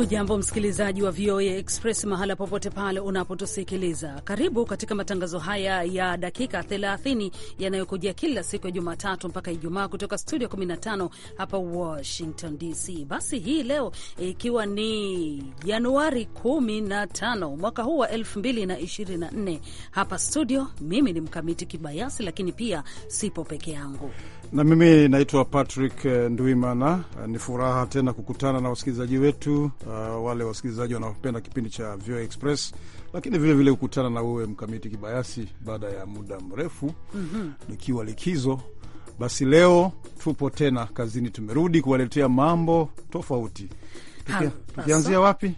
Hujambo msikilizaji wa VOA Express mahala popote pale unapotusikiliza, karibu katika matangazo haya ya dakika 30 yanayokujia kila siku ya Jumatatu mpaka Ijumaa kutoka studio 15 hapa Washington DC. Basi hii leo ikiwa ni Januari 15 mwaka huu wa 2024, hapa studio mimi ni Mkamiti Kibayasi, lakini pia sipo peke yangu na mimi naitwa Patrick eh, Ndwimana. Eh, ni furaha tena kukutana na wasikilizaji wetu, uh, wale wasikilizaji wanaopenda kipindi cha VOA Express, lakini vilevile kukutana vile na wewe Mkamiti Kibayasi baada ya muda mrefu mhm. nikiwa mm -hmm. likizo. Basi leo tupo tena kazini, tumerudi kuwaletea mambo tofauti. Tukianzia wapi?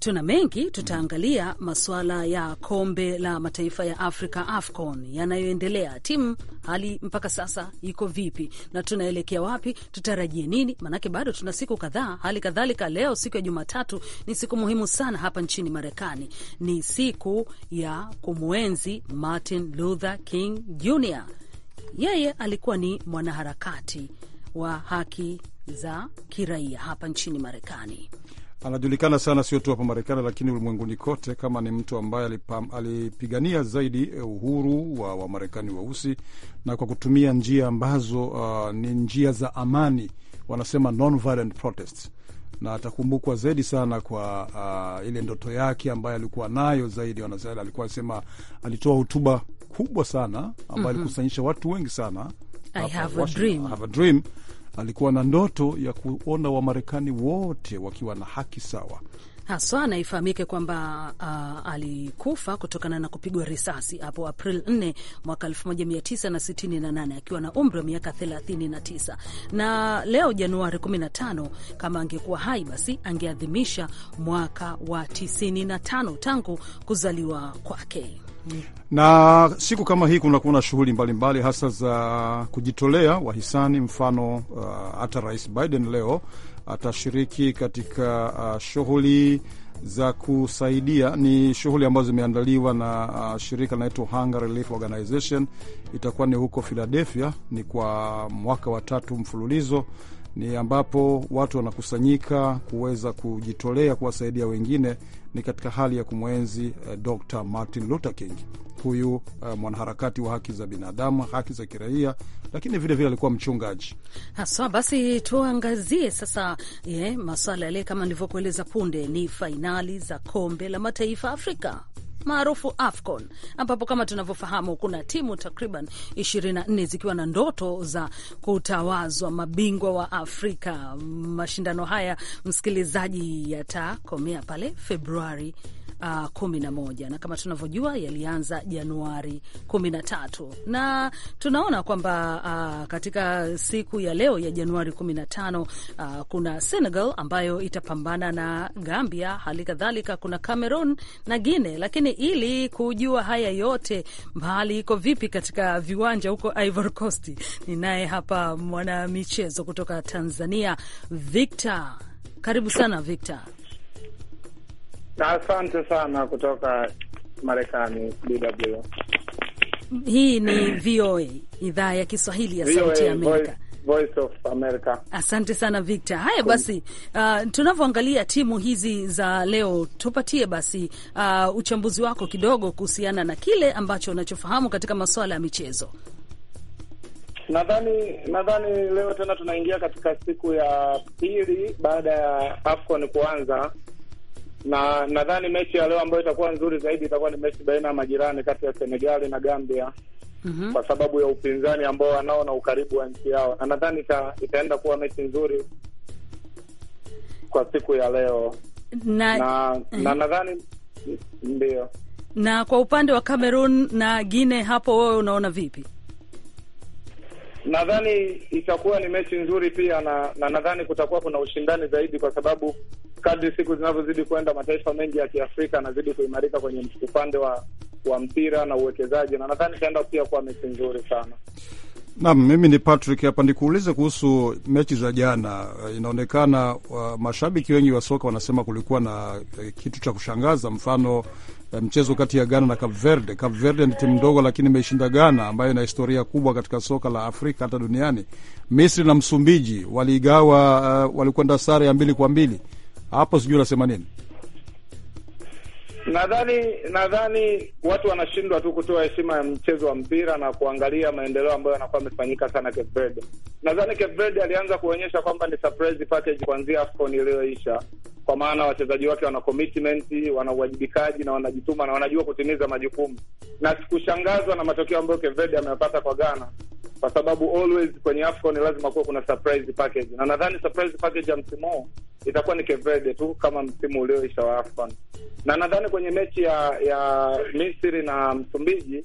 tuna mengi, tutaangalia masuala ya kombe la mataifa ya Afrika AFCON yanayoendelea, timu hali mpaka sasa iko vipi na tunaelekea wapi, tutarajie nini? Maanake bado tuna siku kadhaa. Hali kadhalika leo, siku ya Jumatatu, ni siku muhimu sana hapa nchini Marekani, ni siku ya kumwenzi Martin Luther King Jr. Yeye alikuwa ni mwanaharakati wa haki za kiraia hapa nchini Marekani anajulikana sana sio tu hapa Marekani lakini ulimwenguni kote kama ni mtu ambaye alipigania zaidi eh, uhuru wa Wamarekani weusi na kwa kutumia njia ambazo uh, ni njia za amani, wanasema non-violent na atakumbukwa zaidi sana kwa uh, ile ndoto yake ambayo alikuwa nayo zaidi. Wanasema alikuwa anasema, alitoa hotuba kubwa sana ambayo alikusanyisha mhm. mm -hmm. watu wengi sana I have a dream alikuwa na ndoto ya kuona Wamarekani wote wakiwa na haki sawa haswa naifahamike kwamba uh, alikufa kutokana na kupigwa risasi hapo April 4 mwaka 1968 akiwa na umri wa miaka 39. Na leo Januari 15, kama angekuwa hai, basi angeadhimisha mwaka wa 95 tangu kuzaliwa kwake. Na siku kama hii kunakuwa na shughuli mbalimbali hasa za kujitolea wahisani. Mfano uh, hata uh, Rais Biden leo atashiriki katika uh, shughuli za kusaidia. Ni shughuli ambazo zimeandaliwa na uh, shirika linaitwa Hunger Relief Organization. Itakuwa ni huko Philadelphia, ni kwa mwaka wa tatu mfululizo ni ambapo watu wanakusanyika kuweza kujitolea kuwasaidia wengine, ni katika hali ya kumwenzi eh, Dr Martin Luther King huyu uh, mwanaharakati wa haki za binadamu, haki za kiraia, lakini vile vile alikuwa mchungaji haswa. Basi tuangazie sasa yeah, maswala yale kama nilivyokueleza punde, ni fainali za kombe la mataifa Afrika maarufu AFCON, ambapo kama tunavyofahamu kuna timu takriban nne zikiwa na ndoto za kutawazwa mabingwa wa Afrika. Mashindano haya, msikilizaji, yatakomea pale Februari Uh, kumi na moja na kama tunavyojua yalianza Januari kumi na tatu na tunaona kwamba uh, katika siku ya leo ya Januari kumi na tano uh, kuna Senegal ambayo itapambana na Gambia, hali kadhalika kuna Cameroon na guine Lakini ili kujua haya yote, mbali iko vipi katika viwanja huko Ivory Coast, ninaye hapa mwanamichezo kutoka Tanzania Victor. Karibu sana Victor. Asante sana kutoka Marekani, DW. Hii ni VOA idhaa ya Kiswahili ya Sauti ya Amerika. Voice of America. Asante sana Victor. Haya basi, uh, tunavyoangalia timu hizi za leo, tupatie basi uh, uchambuzi wako kidogo kuhusiana na kile ambacho unachofahamu katika masuala ya michezo. Nadhani nadhani leo tena tunaingia katika siku ya pili baada ya AFCON kuanza, na nadhani mechi ya leo ambayo itakuwa nzuri zaidi itakuwa ni mechi baina ya majirani kati ya Senegali na Gambia mm -hmm. kwa sababu ya upinzani ambao wanao na ukaribu wa nchi yao, na nadhani ita, itaenda kuwa mechi nzuri kwa siku ya leo na, na, na nadhani ndio. Na kwa upande wa Cameroon na Guinea hapo, wewe unaona vipi? Nadhani itakuwa ni mechi nzuri pia na, na nadhani kutakuwa kuna ushindani zaidi kwa sababu kadri siku zinavyozidi kwenda, mataifa mengi ya Kiafrika yanazidi kuimarika kwenye upande wa, wa mpira na uwekezaji, na nadhani itaenda pia kuwa mechi nzuri sana. Naam, mimi ni Patrick hapa nikuulize kuhusu mechi za jana. Inaonekana wa, uh, mashabiki wengi wa soka wanasema kulikuwa na eh, kitu cha kushangaza, mfano eh, mchezo kati ya Ghana na Cape Verde. Cape Verde ni timu ndogo, lakini imeshinda Ghana ambayo ina historia kubwa katika soka la Afrika hata duniani. Misri na Msumbiji waligawa uh, walikwenda sare ya mbili kwa mbili hapo sijui unasema nini? Nadhani nadhani watu wanashindwa tu kutoa heshima ya mchezo wa mpira na kuangalia maendeleo ambayo yanakuwa yamefanyika sana Cape Verde. Nadhani Cape Verde alianza kuonyesha kwamba ni surprise package kuanzia AFCON iliyoisha, kwa maana wachezaji wake wana commitment, wana uwajibikaji na wanajituma na wanajua kutimiza majukumu, na sikushangazwa na matokeo ambayo Cape Verde ameyapata kwa Ghana kwa sababu always kwenye Afcon lazima kuwa kuna surprise package, na nadhani surprise package ya msimu huu itakuwa ni Kevede tu kama msimu ulioisha wa Afcon, na nadhani kwenye mechi ya ya Misri na Msumbiji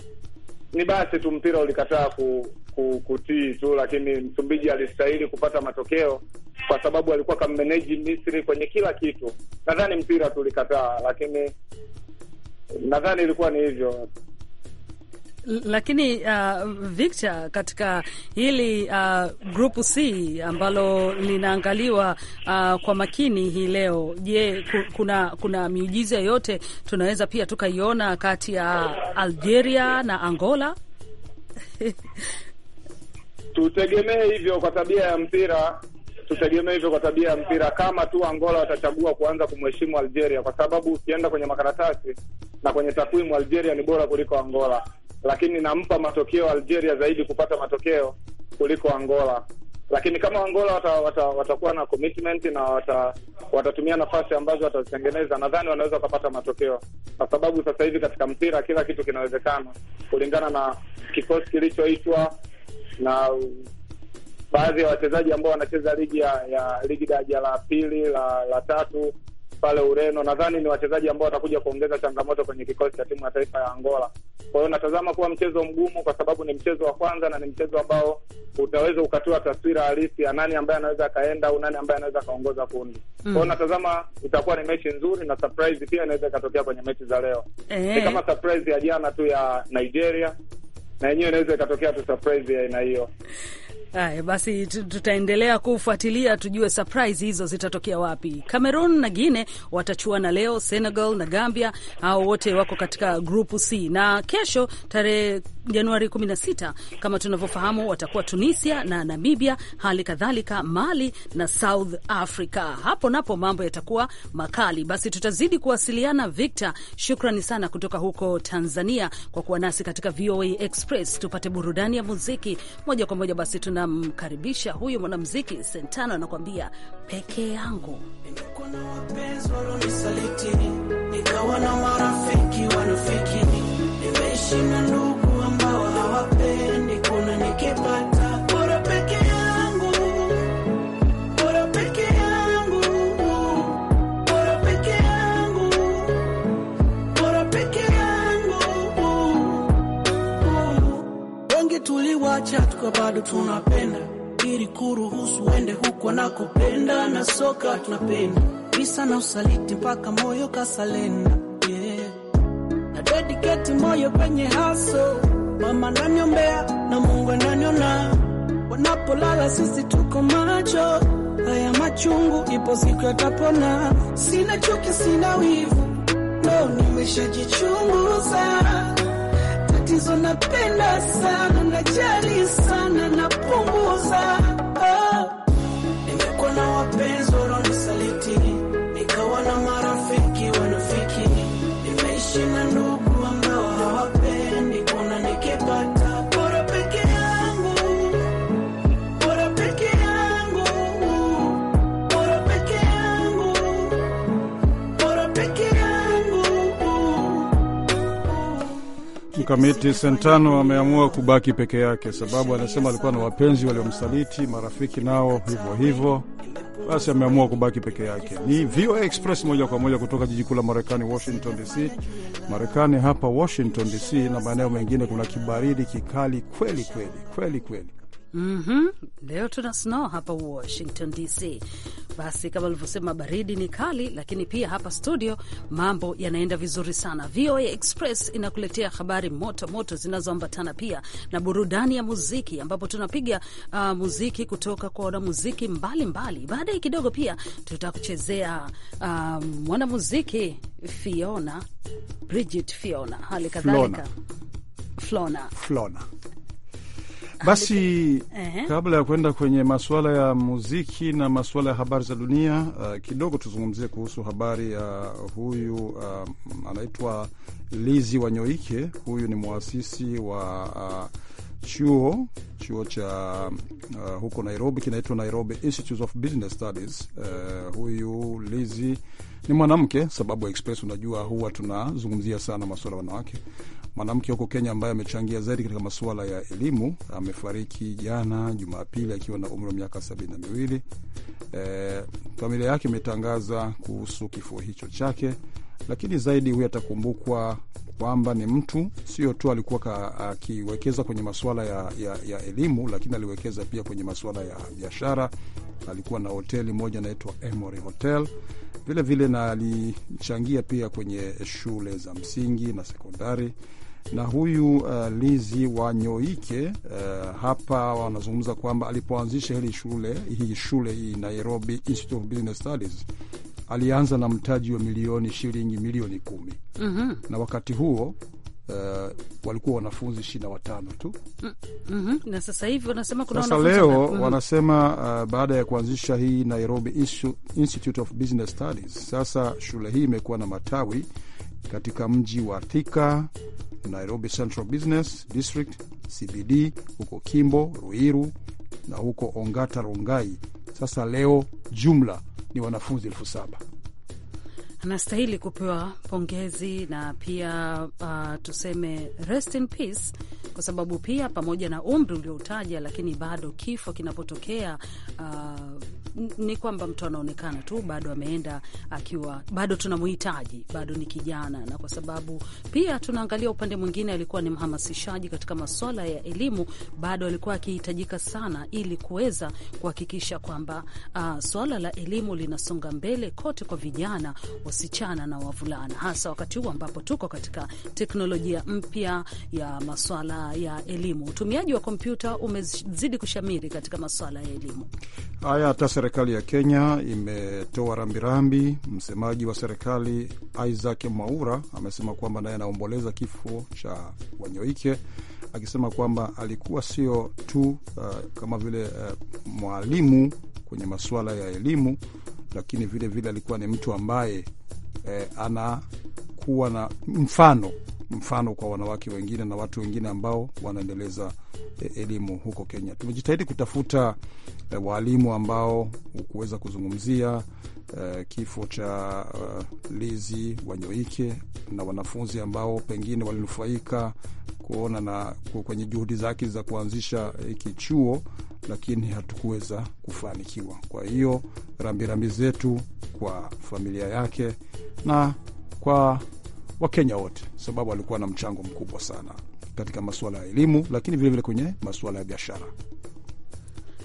ni basi tu mpira ulikataa ku, ku, kutii tu, lakini Msumbiji alistahili kupata matokeo kwa sababu alikuwa kammeneji Misri kwenye kila kitu. Nadhani mpira tulikataa, lakini nadhani ilikuwa ni hivyo. Lakini uh, Victor, katika hili uh, grupu C ambalo linaangaliwa uh, kwa makini hii leo, je, kuna, kuna miujiza yote tunaweza pia tukaiona kati ya Algeria na Angola? Tutegemee hivyo kwa tabia ya mpira, tutegemee hivyo kwa tabia ya mpira, kama tu Angola watachagua kuanza kumheshimu Algeria, kwa sababu ukienda kwenye makaratasi na kwenye takwimu, Algeria ni bora kuliko Angola lakini nampa matokeo Algeria zaidi kupata matokeo kuliko Angola. Lakini kama Angola watakuwa wata, wata na commitment na wata, watatumia nafasi ambazo watazitengeneza, nadhani wanaweza wakapata matokeo, kwa sababu sasa hivi katika mpira kila kitu kinawezekana kulingana na kikosi kilichoitwa na baadhi ya wachezaji ambao wanacheza ligi ya, ya ligi daraja la pili la, la tatu pale Ureno. Nadhani ni wachezaji ambao watakuja kuongeza changamoto kwenye kikosi cha timu ya taifa ya Angola. Kwa hiyo natazama kuwa mchezo mgumu, kwa sababu ni mchezo wa kwanza na ni mchezo ambao utaweza ukatoa taswira halisi ya nani ambaye anaweza akaenda au nani ambaye anaweza akaongoza kundi. Mm. Kwa hiyo hmm. natazama itakuwa ni mechi nzuri, na surprise pia inaweza ikatokea kwenye mechi za leo. Ni eh. kama surprise ya jana tu ya Nigeria, na yenyewe inaweza ikatokea tu surprise ya aina hiyo. Haya basi, tutaendelea kufuatilia tujue surprise hizo zitatokea wapi. Cameroon na Guinea watachuana leo, Senegal na Gambia, hao wote wako katika grupu C, na kesho tarehe Januari 16 kama tunavyofahamu, watakuwa Tunisia na Namibia, hali kadhalika Mali na South Africa. Hapo napo mambo yatakuwa makali. Basi tutazidi kuwasiliana. Victor, shukrani sana kutoka huko Tanzania kwa kuwa nasi katika VOA Express. Tupate burudani ya muziki moja kwa moja. Basi tuna tunamkaribisha huyu mwanamuziki Sentano anakuambia peke yangu. Nimekuwa na wapenzi nikawa na marafiki wanafiki, nimeishi na ndugu ambao hawapendi, kuna nikipata tuliwacha tuka bado tunapenda, ili kuruhusu uende huko anakopenda, na soka tunapenda visa na usaliti mpaka moyo kasalenda, yeah. na dedicate moyo penye haso mama mbea na Mungu ananiona wanapolala, sisi tuko macho haya machungu, ipo siku yatapona. Sina chuki, sina wivu, no, nimeshajichunguza matatizo, napenda sana, najali sana, napunguza. Ah, Nimekuwa na wapenzi mkamiti Sentano ameamua kubaki peke yake, sababu anasema alikuwa na wapenzi waliomsaliti, marafiki nao hivyo hivyo. Basi ameamua kubaki peke yake. Ni VOA Express moja kwa moja kutoka jiji kuu la Marekani, Washington DC. Marekani hapa Washington DC na maeneo mengine kuna kibaridi kikali kweli kweli kweli kweli. Mm -hmm. Leo tuna snow hapa Washington DC. Basi kama alivyosema, baridi ni kali, lakini pia hapa studio mambo yanaenda vizuri sana. VOA Express inakuletea habari moto moto zinazoambatana pia na burudani ya muziki, ambapo tunapiga uh, muziki kutoka kwa wanamuziki mbalimbali. Baadaye kidogo pia tutakuchezea mwanamuziki uh, mwanamuziki Fiona Bridget Fiona, hali kadhalika Flona, Flona. Flona. Basi eh? kabla ya kwenda kwenye masuala ya muziki na masuala ya habari za dunia, uh, kidogo tuzungumzie kuhusu habari ya uh, huyu uh, anaitwa Lizi Wanyoike. Huyu ni mwasisi wa uh, chuo chuo cha uh, huko Nairobi kinaitwa Nairobi Institute of Business Studies. Uh, huyu Lizi ni mwanamke, sababu ya Express unajua huwa tunazungumzia sana masuala wanawake. Mwanamke huko Kenya ambaye amechangia zaidi katika masuala ya elimu amefariki jana Jumapili akiwa na umri wa miaka sabini na miwili. E, familia yake imetangaza kuhusu kifo hicho chake, lakini zaidi huyu atakumbukwa kwamba ni mtu sio tu alikuwa akiwekeza kwenye masuala ya, ya, ya elimu, lakini aliwekeza pia kwenye masuala ya biashara. Alikuwa na hoteli moja inaitwa Emory Hotel vilevile vile, na alichangia pia kwenye shule za msingi na sekondari na huyu uh, Lizi Wanyoike uh, hapa wanazungumza kwamba alipoanzisha hili shule hii shule hii Nairobi Institute of Business Studies alianza na mtaji wa milioni shilingi milioni kumi mm -hmm. na wakati huo Uh, walikuwa wanafunzi ishirini na watano tu mm -hmm. na sasa hivi wanasema kuna sasa leo mm -hmm. wanasema uh, baada ya kuanzisha hii Nairobi Institute of Business Studies, sasa shule hii imekuwa na matawi katika mji wa Thika, Nairobi Central Business District CBD, huko Kimbo, Ruiru na huko Ongata Rongai. Sasa leo jumla ni wanafunzi elfu saba anastahili kupewa pongezi na pia uh, tuseme rest in peace, kwa sababu pia pamoja na umri ulioutaja, lakini bado kifo kinapotokea uh, ni kwamba mtu anaonekana tu bado ameenda akiwa bado tunamhitaji, bado ni kijana, na kwa sababu pia tunaangalia upande mwingine, alikuwa ni mhamasishaji katika masuala ya elimu, bado alikuwa akihitajika sana ili kuweza kuhakikisha kwamba uh, swala la elimu linasonga mbele kote kwa vijana wa wasichana na wavulana, hasa wakati huu ambapo tuko katika teknolojia mpya ya maswala ya elimu. Utumiaji wa kompyuta umezidi kushamiri katika maswala ya elimu haya. Hata serikali ya Kenya imetoa rambirambi. Msemaji wa serikali Isaac Mwaura amesema kwamba naye anaomboleza kifo cha Wanyoike akisema kwamba alikuwa sio tu uh, kama vile uh, mwalimu kwenye masuala ya elimu, lakini vilevile vile alikuwa ni mtu ambaye eh, anakuwa na mfano mfano kwa wanawake wengine na watu wengine ambao wanaendeleza eh, elimu huko Kenya. Tumejitahidi kutafuta eh, waalimu ambao kuweza kuzungumzia eh, kifo cha uh, eh, Lizi Wanyoike na wanafunzi ambao pengine walinufaika kuona na kwenye juhudi zake za kuanzisha hiki eh, chuo, lakini hatukuweza kufanikiwa. Kwa hiyo rambirambi zetu kwa familia yake na kwa Wakenya wote, sababu alikuwa na mchango mkubwa sana katika masuala ya elimu, lakini vilevile kwenye masuala ya biashara.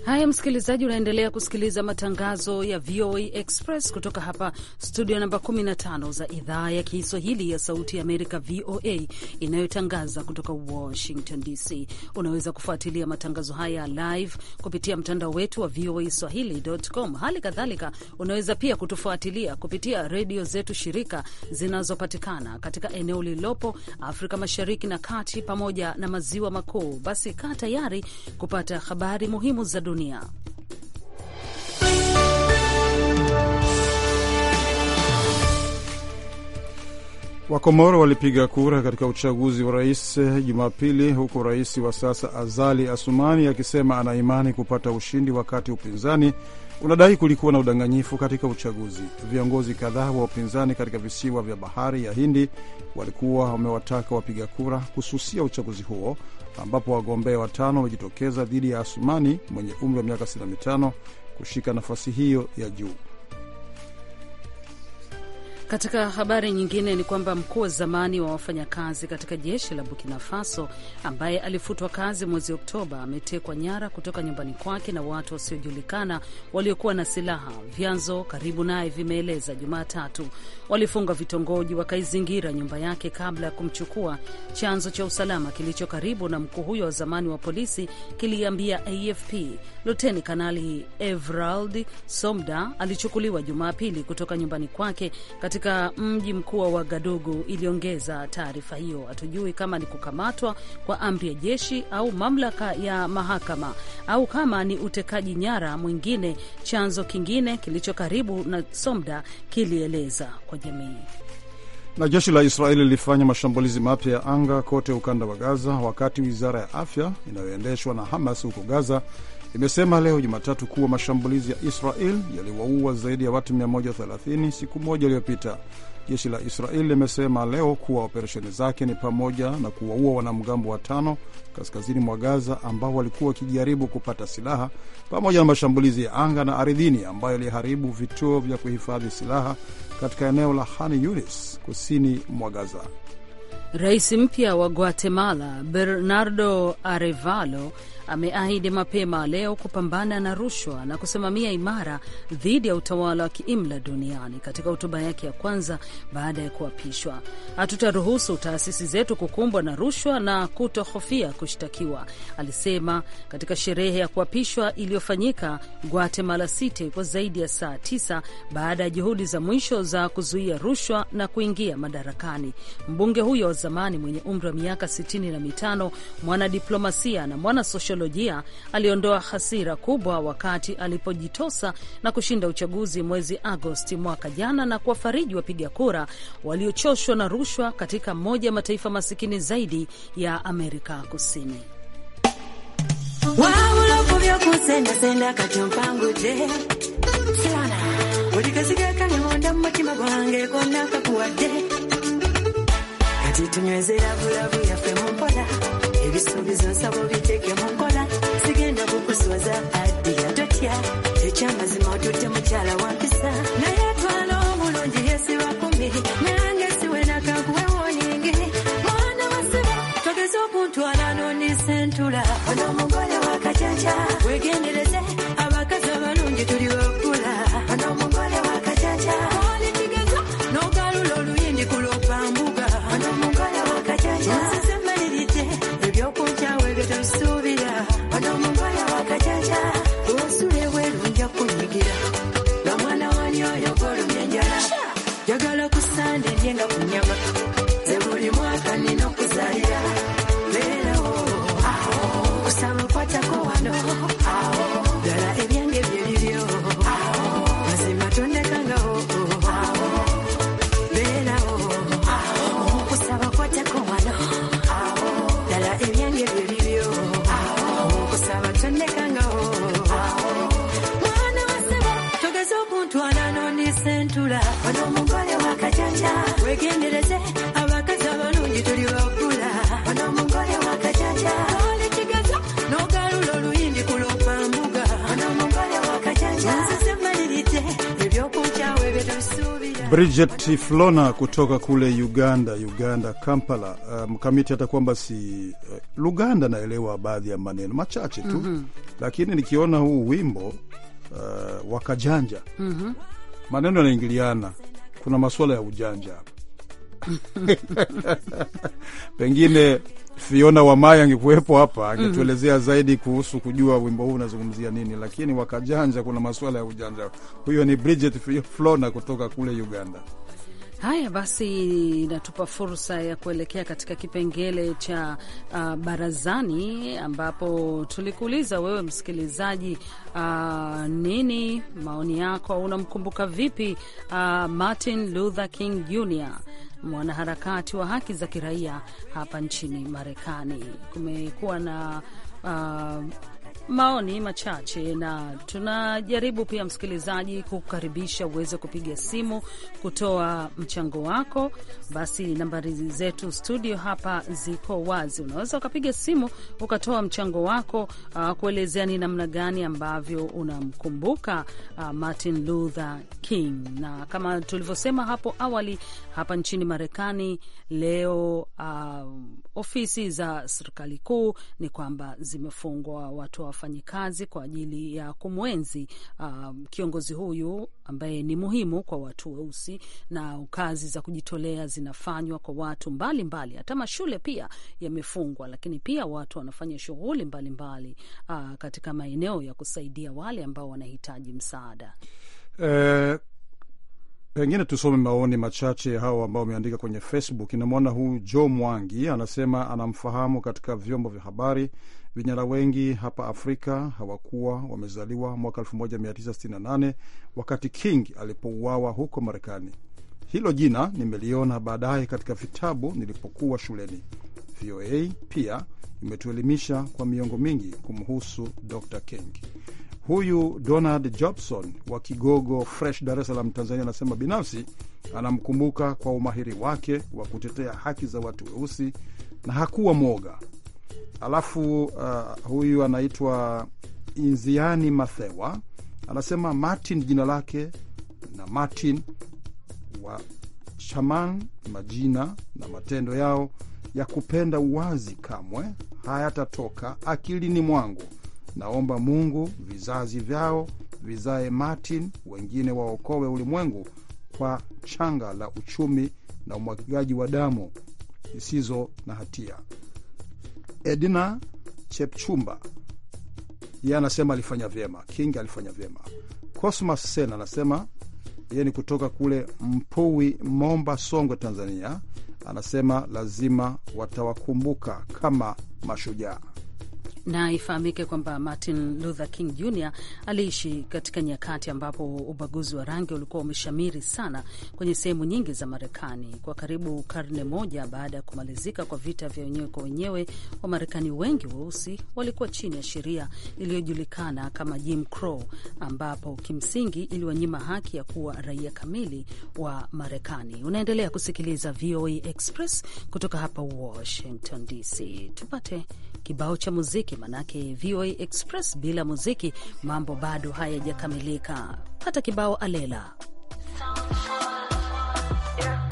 Haya, msikilizaji, unaendelea kusikiliza matangazo ya VOA Express kutoka hapa studio namba 15 za idhaa ya Kiswahili ya Sauti ya Amerika, VOA, inayotangaza kutoka Washington DC. Unaweza kufuatilia matangazo haya live kupitia mtandao wetu wa VOA Swahili.com. Hali kadhalika, unaweza pia kutufuatilia kupitia redio zetu shirika zinazopatikana katika eneo lililopo Afrika Mashariki na Kati pamoja na Maziwa Makuu. Basi kaa tayari kupata habari muhimu za dunia. Wakomoro walipiga kura katika uchaguzi wa rais eh, Jumapili, huku rais wa sasa Azali Asumani akisema ana imani kupata ushindi, wakati upinzani unadai kulikuwa na udanganyifu katika uchaguzi. Viongozi kadhaa wa upinzani katika visiwa vya bahari ya Hindi walikuwa wamewataka wapiga kura kususia uchaguzi huo ambapo wagombea watano wamejitokeza dhidi ya Asumani mwenye umri wa miaka 65 kushika nafasi hiyo ya juu. Katika habari nyingine ni kwamba mkuu wa zamani wa wafanyakazi katika jeshi la Burkina Faso ambaye alifutwa kazi mwezi Oktoba ametekwa nyara kutoka nyumbani kwake na watu wasiojulikana waliokuwa na silaha. Vyanzo karibu naye vimeeleza Jumatatu walifunga vitongoji, wakaizingira nyumba yake kabla ya kumchukua. Chanzo cha usalama kilicho karibu na mkuu huyo wa zamani wa polisi kiliambia AFP Luteni Kanali evrald Somda alichukuliwa Jumapili kutoka nyumbani kwake katika mji mkuu wa Wagadugu, iliongeza taarifa hiyo. Hatujui kama ni kukamatwa kwa amri ya jeshi au mamlaka ya mahakama au kama ni utekaji nyara mwingine, chanzo kingine kilicho karibu na Somda kilieleza kwa jamii. Na jeshi la Israeli lilifanya mashambulizi mapya ya anga kote ukanda wa Gaza, wakati wizara ya afya inayoendeshwa na Hamas huko Gaza imesema leo Jumatatu kuwa mashambulizi ya Israel yaliwaua zaidi ya watu 130 siku moja iliyopita. Jeshi la Israel limesema leo kuwa operesheni zake ni pamoja na kuwaua wanamgambo watano kaskazini mwa Gaza ambao walikuwa wakijaribu kupata silaha pamoja na mashambulizi ya anga na ardhini ambayo yaliharibu vituo vya kuhifadhi silaha katika eneo la Khan Yunis kusini mwa Gaza. Rais mpya wa Guatemala Bernardo Arevalo ameahidi mapema leo kupambana na rushwa na kusimamia imara dhidi ya utawala wa kiimla duniani. Katika hotuba yake ya kwanza baada ya kuapishwa, hatutaruhusu taasisi zetu kukumbwa na rushwa na kutohofia kushtakiwa, alisema katika sherehe ya kuapishwa iliyofanyika Guatemala City kwa zaidi ya saa tisa baada ya juhudi za mwisho za kuzuia rushwa na kuingia madarakani. Mbunge huyo wa zamani mwenye umri wa miaka sitini na mitano mwanadiplomasia na mwana social teknolojia aliondoa hasira kubwa wakati alipojitosa na kushinda uchaguzi mwezi Agosti mwaka jana na kuwafariji wapiga kura waliochoshwa na rushwa katika moja ya mataifa masikini zaidi ya Amerika Kusini. Wow, Bridget Flona kutoka kule Uganda, Uganda Kampala. Uh, Mkamiti um, hata kwamba si uh, Luganda naelewa baadhi ya maneno machache tu mm -hmm. Lakini nikiona huu wimbo uh, wakajanja mm -hmm. maneno yanaingiliana, kuna masuala ya ujanja hapa pengine Fiona Wamai angekuwepo hapa angetuelezea mm zaidi kuhusu kujua wimbo huu unazungumzia nini, lakini wakajanja, kuna masuala ya ujanja. Huyo ni Bridget Flona kutoka kule Uganda. Haya basi, inatupa fursa ya kuelekea katika kipengele cha uh, barazani ambapo tulikuuliza wewe msikilizaji, uh, nini maoni yako? Unamkumbuka vipi uh, Martin Luther King Jr mwanaharakati wa haki za kiraia hapa nchini Marekani. Kumekuwa na uh, maoni machache na tunajaribu pia, msikilizaji, kukukaribisha uweze kupiga simu kutoa mchango wako. Basi nambari zetu studio hapa ziko wazi, unaweza ukapiga simu ukatoa mchango wako, uh, kuelezea ni namna gani ambavyo unamkumbuka uh, Martin Luther King, na kama tulivyosema hapo awali hapa nchini Marekani leo, uh, ofisi za serikali kuu ni kwamba zimefungwa watu wa wafanyikazi kwa ajili ya kumwenzi uh, kiongozi huyu ambaye ni muhimu kwa watu weusi, na kazi za kujitolea zinafanywa kwa watu mbalimbali mbali. Hata mashule pia yamefungwa, lakini pia watu wanafanya shughuli mbalimbali uh, katika maeneo ya kusaidia wale ambao wanahitaji msaada. Uh, Pengine tusome maoni machache hao ambao wameandika kwenye Facebook. Inamwona huu Jo Mwangi anasema anamfahamu katika vyombo vya habari. Vijana wengi hapa Afrika hawakuwa wamezaliwa mwaka 1968 wakati King alipouawa huko Marekani. Hilo jina nimeliona baadaye katika vitabu nilipokuwa shuleni. VOA pia imetuelimisha kwa miongo mingi kumhusu Dr King. Huyu Donald Jobson wa Kigogo Fresh, Dar es Salaam, Tanzania, anasema binafsi anamkumbuka kwa umahiri wake wa kutetea haki za watu weusi na hakuwa mwoga. Alafu uh, huyu anaitwa Inziani Mathewa anasema Martin jina lake na Martin wa Shaman, majina na matendo yao ya kupenda uwazi kamwe hayatatoka akilini mwangu Naomba Mungu vizazi vyao vizae Martin, wengine waokowe ulimwengu kwa changa la uchumi na umwagikaji wa damu zisizo na hatia. Edna Chepchumba yeye anasema alifanya vyema, King alifanya vyema. Cosmas Sen anasema yeye ni kutoka kule Mpuwi, Momba, Songwe, Tanzania. Anasema lazima watawakumbuka kama mashujaa na ifahamike kwamba Martin Luther King Jr aliishi katika nyakati ambapo ubaguzi wa rangi ulikuwa umeshamiri sana kwenye sehemu nyingi za Marekani. Kwa karibu karne moja baada ya kumalizika kwa vita vya wenyewe kwa wenyewe, Wamarekani wengi weusi walikuwa chini ya sheria iliyojulikana kama Jim Crow, ambapo kimsingi iliwanyima haki ya kuwa raia kamili wa Marekani. Unaendelea kusikiliza VOA Express kutoka hapa Washington DC. Tupate kibao cha muziki, manake VOA Express bila muziki mambo bado hayajakamilika. Hata kibao alela yeah.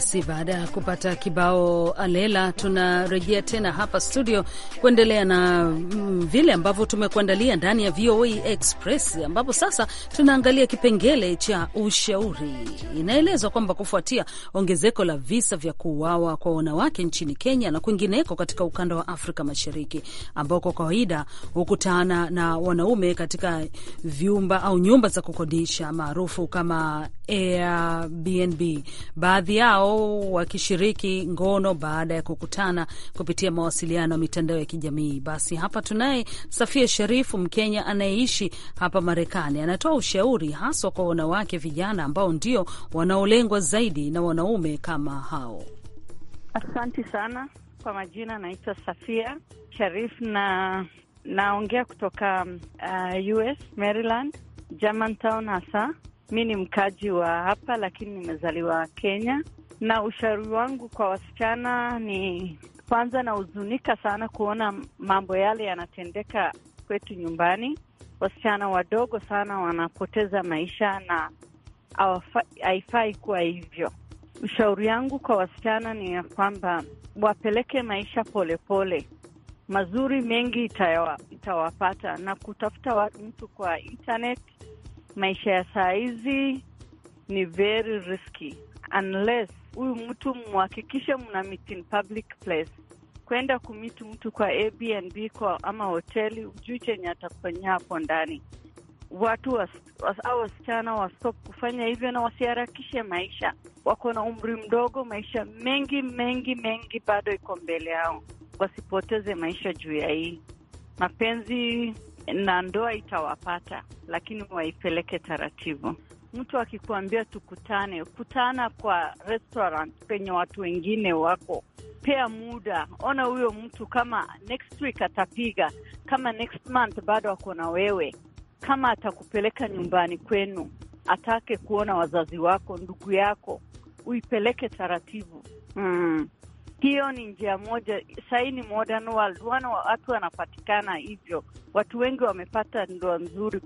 Basi baada ya kupata kibao Alela, tunarejea tena hapa studio kuendelea na vile ambavyo tumekuandalia ndani ya VOA Express, ambapo sasa tunaangalia kipengele cha ushauri. Inaelezwa kwamba kufuatia ongezeko la visa vya kuuawa kwa wanawake nchini Kenya na kwingineko katika ukanda wa Afrika Mashariki, ambao kwa kawaida hukutana na wanaume katika vyumba au nyumba za kukodisha maarufu kama Airbnb, baadhi yao wakishiriki ngono baada ya kukutana kupitia mawasiliano ya mitandao ya kijamii. Basi hapa tunaye Naye Safia Sherifu, Mkenya anayeishi hapa Marekani, anatoa ushauri haswa kwa wanawake vijana ambao ndio wanaolengwa zaidi na wanaume kama hao. Asanti sana kwa majina, naitwa Safia Sharif na naongea kutoka uh, US Maryland, Germantown hasa. Mi ni mkaji wa hapa lakini nimezaliwa Kenya, na ushauri wangu kwa wasichana ni kwanza nahuzunika sana kuona mambo yale yanatendeka kwetu nyumbani. Wasichana wadogo sana wanapoteza maisha na haifai kuwa hivyo. Ushauri yangu kwa wasichana ni ya kwamba wapeleke maisha polepole pole. Mazuri mengi itawa, itawapata na kutafuta mtu kwa internet. Maisha ya saa hizi ni very risky unless huyu mtu mhakikishe mna meet in public place, kwenda kumitu mtu kwa Airbnb kwa ama hoteli, ujui chenye atakufanyia hapo ndani. Watu was, was, au wasichana wastop kufanya hivyo na wasiharakishe maisha. Wako na umri mdogo, maisha mengi mengi mengi bado iko mbele yao, wasipoteze maisha juu ya hii mapenzi na ndoa itawapata, lakini waipeleke taratibu mtu akikuambia tukutane, kutana kwa restaurant penye watu wengine wako, pea muda, ona huyo mtu kama next week atapiga, kama next month bado ako na wewe, kama atakupeleka nyumbani kwenu, atake kuona wazazi wako, ndugu yako, uipeleke taratibu mm. Hiyo ni njia moja. Sahii ni modern world, wana watu wanapatikana hivyo, watu wengi wamepata ndoa nzuri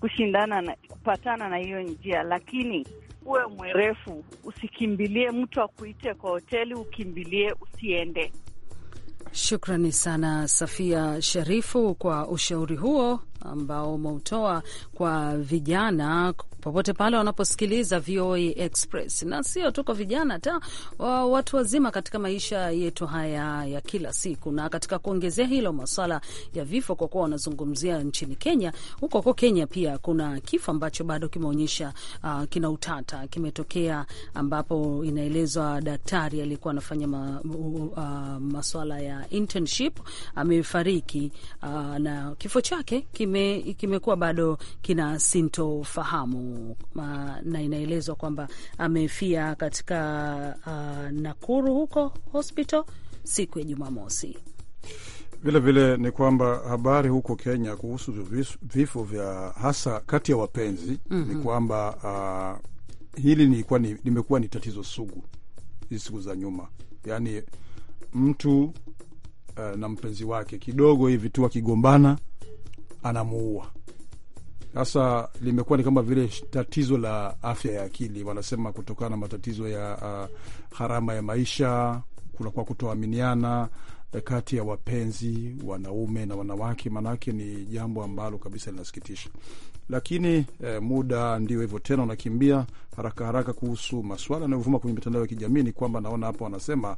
kushindana na kupatana na hiyo njia, lakini uwe mwerefu, usikimbilie mtu akuite kwa hoteli, ukimbilie, usiende. Shukrani sana Safia Sharifu kwa ushauri huo ambao umeutoa kwa vijana popote pale wanaposikiliza VOA Express, na sio tu kwa vijana, hata watu wazima katika maisha yetu haya ya kila siku. Na katika kuongezea hilo maswala ya vifo, kwa kuwa wanazungumzia nchini Kenya, huko huko Kenya pia kuna kifo ambacho bado kimeonyesha uh, kina utata. Kimetokea ambapo inaelezwa daktari alikuwa anafanya ma, uh, maswala ya internship amefariki, uh, na kifo chake kim kime kimekuwa bado kina sintofahamu uh, na inaelezwa kwamba amefia katika uh, Nakuru huko hospital siku ya Jumamosi. Vilevile ni kwamba habari huko Kenya kuhusu vifo vya hasa kati ya wapenzi mm -hmm. ni mhm. kwamba uh, hili limekuwa ni, ni tatizo sugu hizi siku za nyuma, yaani mtu uh, na mpenzi wake kidogo hivi tu akigombana anamuua. Sasa limekuwa ni kama vile tatizo la afya ya akili, wanasema kutokana na matatizo ya uh, ya maisha, kunakuwa kutoaminiana e, kati ya wapenzi wanaume na wanawake, maanake ni jambo ambalo kabisa linasikitisha. Lakini eh, muda ndio hivyo tena, unakimbia haraka haraka. Kuhusu maswala yanayovuma kwenye mitandao ya kijamii ni kwamba naona hapa wanasema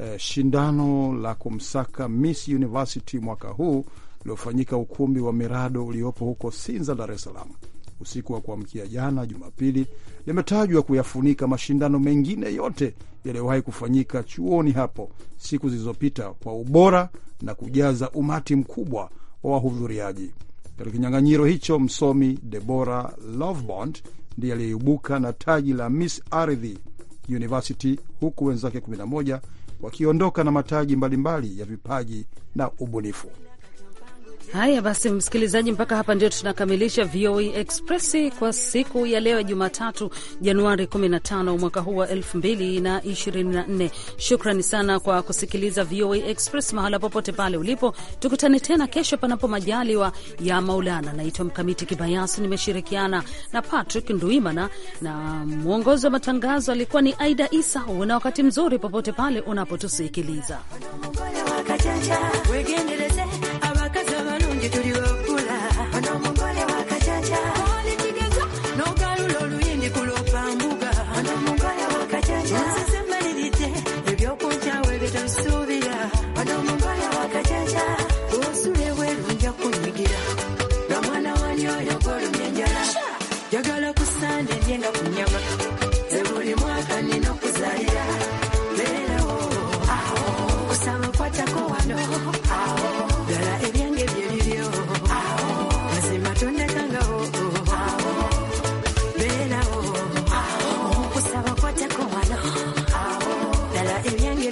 eh, shindano la kumsaka Miss University mwaka huu uliofanyika ukumbi wa Mirado uliopo huko Sinza, Dar es Salaam, usiku wa kuamkia jana Jumapili, limetajwa kuyafunika mashindano mengine yote yaliyowahi kufanyika chuoni hapo siku zilizopita kwa ubora na kujaza umati mkubwa wa wahudhuriaji. Katika kinyang'anyiro hicho, msomi Debora Lovebond ndiye aliyeibuka na taji la Miss Ardhi University huku wenzake 11 wakiondoka na mataji mbalimbali mbali ya vipaji na ubunifu. Haya basi, msikilizaji, mpaka hapa ndio tunakamilisha VOA e Express kwa siku ya leo ya Jumatatu, Januari 15 mwaka huu wa 2024. Shukrani sana kwa kusikiliza VOA e Express mahala popote pale ulipo. Tukutane tena kesho, panapo majaliwa ya Maulana. Naitwa Mkamiti Kibayasi, nimeshirikiana na Patrick Nduimana na mwongozi wa matangazo alikuwa ni Aida Isa. Una wakati mzuri popote pale unapotusikiliza. it to the